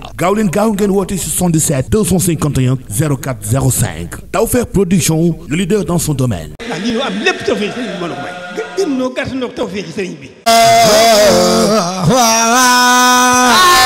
waaw gaaw leen gaaw ngeen woote 77 251 04 05 Tawfekh Production le leader dans son domaine. ah lii ñu am lépp tawfeex sëriñ bi mën a may. gën noo gàtt noo tawfeex sëriñ bi. Ah, ah, ah,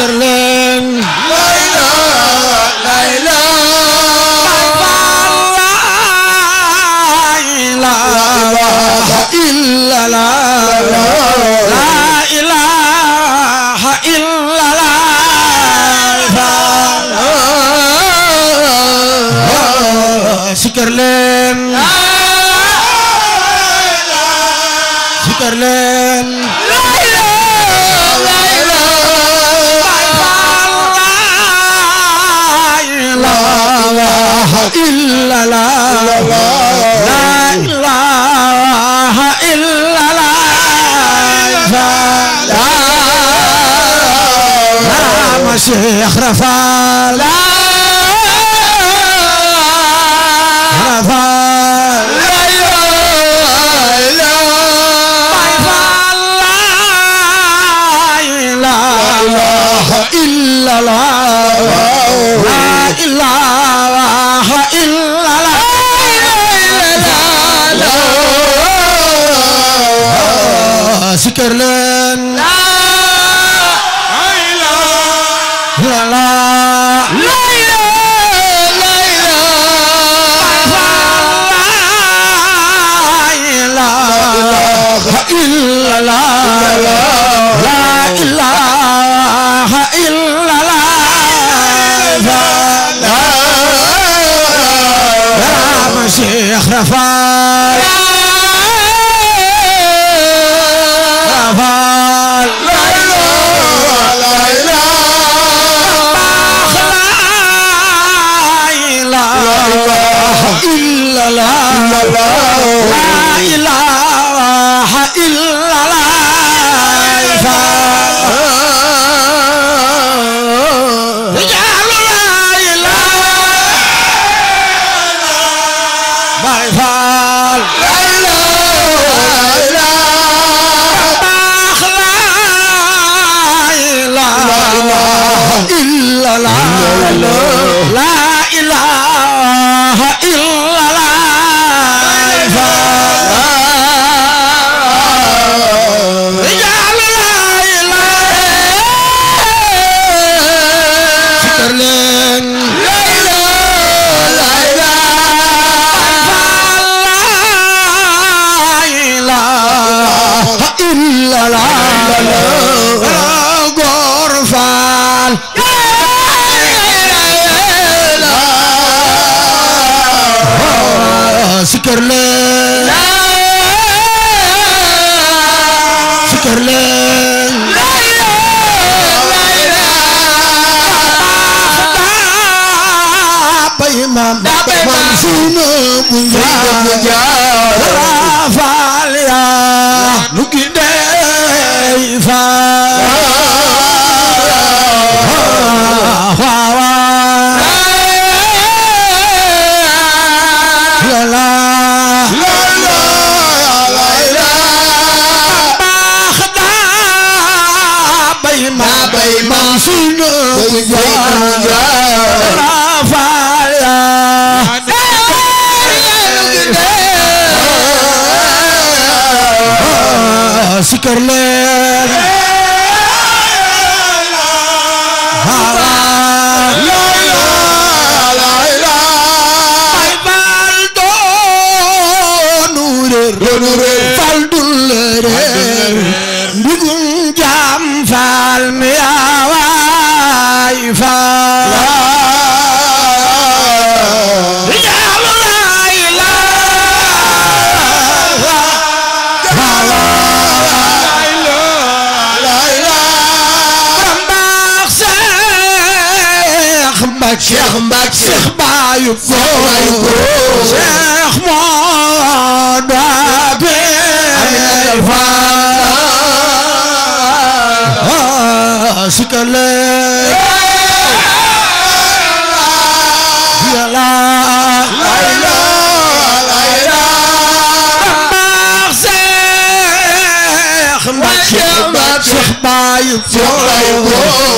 kër la رفال رفال لا لا لا إله إلا الله لا إله إلا الله لا لا لا ذكر لا Mustafa Baay Faal la la ci kër leen Cheikh Mbacke Cheikh Baye Bo Cheikh Moda Be Alfa Sikale Yala Laila Laila Mbacke Cheikh Mbacke Cheikh Baye Bo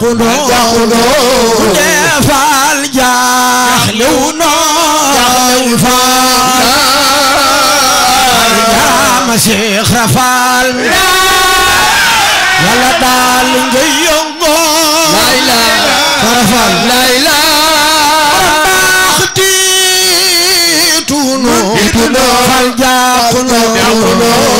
jàppandoo jàppandoo defal jaaxlewu noo jaaxlewu faal yaa ma Cheikh Rafal yàlla daal nga yëngoo layla Rafal layla baax tiitu noo tiitu noo fal jàppandoo jàppandoo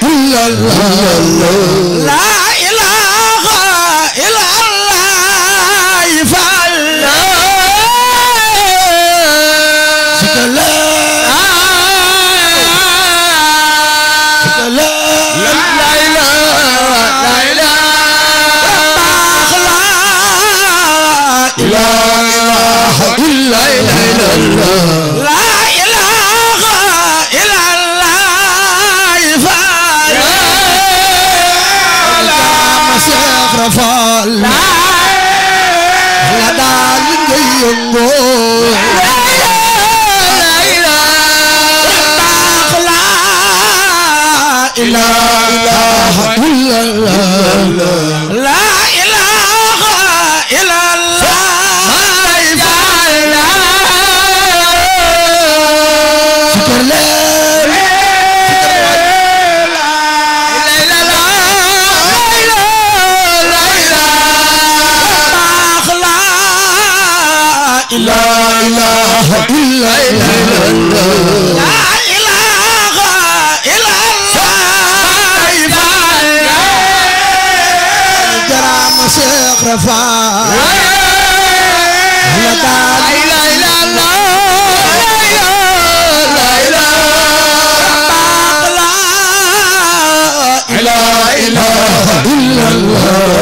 illallah لا إله إلا الله لا إله إلا الله جرام شيخ رفاع لا إله إلا الله لا إله إلا الله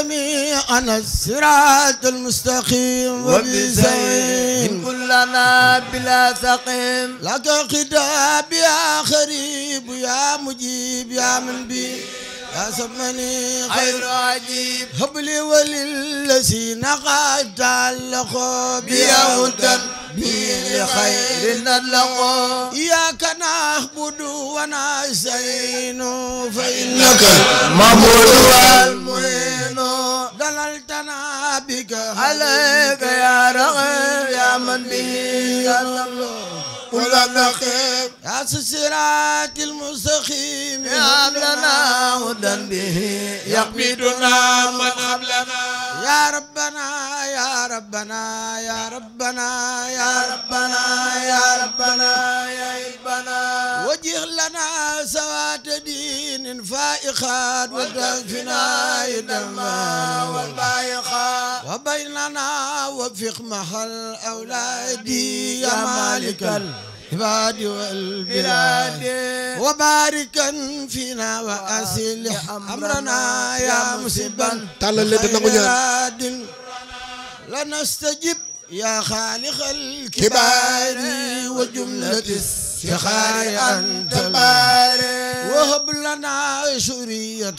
جميعا الصراط المستقيم وبزين كلنا بلا سقيم لك خطاب يا خريب يا مجيب يا من بي يا سمني خير عجيب هب لي وللذي نقد تعلق بيهدى bii xayri na laqoo iyaaka na'budu wa nasta'inu fa innaka ma'budu wal mu'minu dalaltana bika alayka ya raqib ya man bihi qul anaqib ya siratal mustaqim عودا به يقبضنا من قبلنا يا ربنا يا ربنا يا ربنا يا ربنا يا ربنا يا ربنا وجه لنا سوات دين فائخات وتنفنا يدما والبايخات وبيننا وفق محل أولادي يا مالك الأرض العباد والبلاد وباركا فينا وأصلح أمرنا يا مسبا بلاد لنستجب يا خالق الكبار وجملة السخار أنت الباري وهب لنا شرية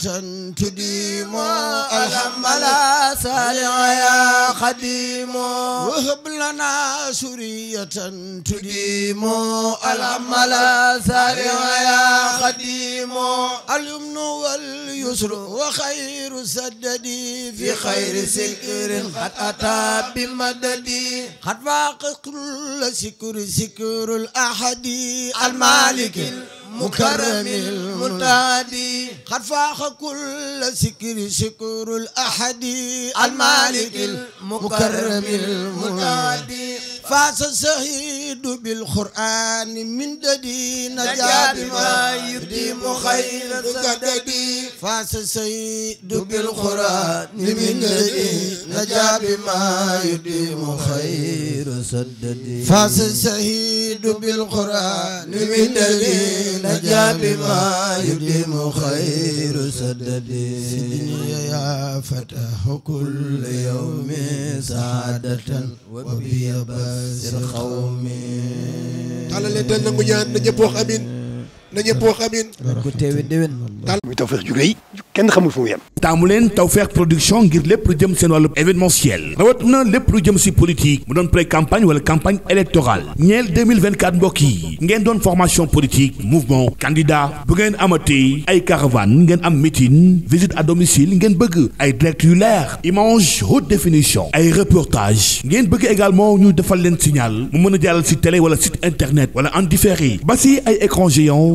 تديم الحمد لا سالع يا قديم وهب لنا شرية تديم الحمد لا سالع يا قديم اليمن واليسر وخير سددي في خير سكر قد أتى بمددي قد فاق كل سكر سكر الأحد المالك مكرم المتادي قد فاق كل سكر شكر الأحد المالك المكرم المتادي فاز الزهيد بالقرآن من ددي نجا بما يديم خير سددي فاز الزهيد بالقرآن من ددي نجا بما يديم خير سددي فاز الزهيد بالقرآن من ددي نجا بما يديم خير سددي سيدني يا فتح كل يوم سعادة وبيبا sir xaw mi tàllale del nangu ñaan na ñëpp wax amin na ñëpp wax amiin. ko teewee kenn xamul fu mu yem. taamu leen Tawfekh production ngir lépp lu jëm seen wàllu événementiel rawat na lépp lu jëm si politique mu doon pré campagne wala campagne électorale ñeel 2024 mbokk yi ngeen doon formation politique mouvement candidat bu ngeen a amatee ay caravane ngeen am meeting visite à domicile ngeen bëgg ay direct yu leer image haute définition ay reportage ngeen bëgg également ñu defal leen signal mu mën a jàllal si télé wala site internet wala en différé ba si ay écran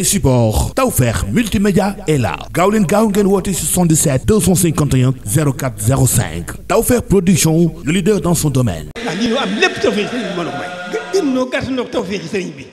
ay support Tawfekh multimédia est là gaaw leen gaaw ngeen woote 77 251 04 05 Tawfekh production le leader dans son domaine. Ah, am lépp Tawfekh sëriñ bi mën a may. gën noo gàtt noo Tawfekh sëriñ bi.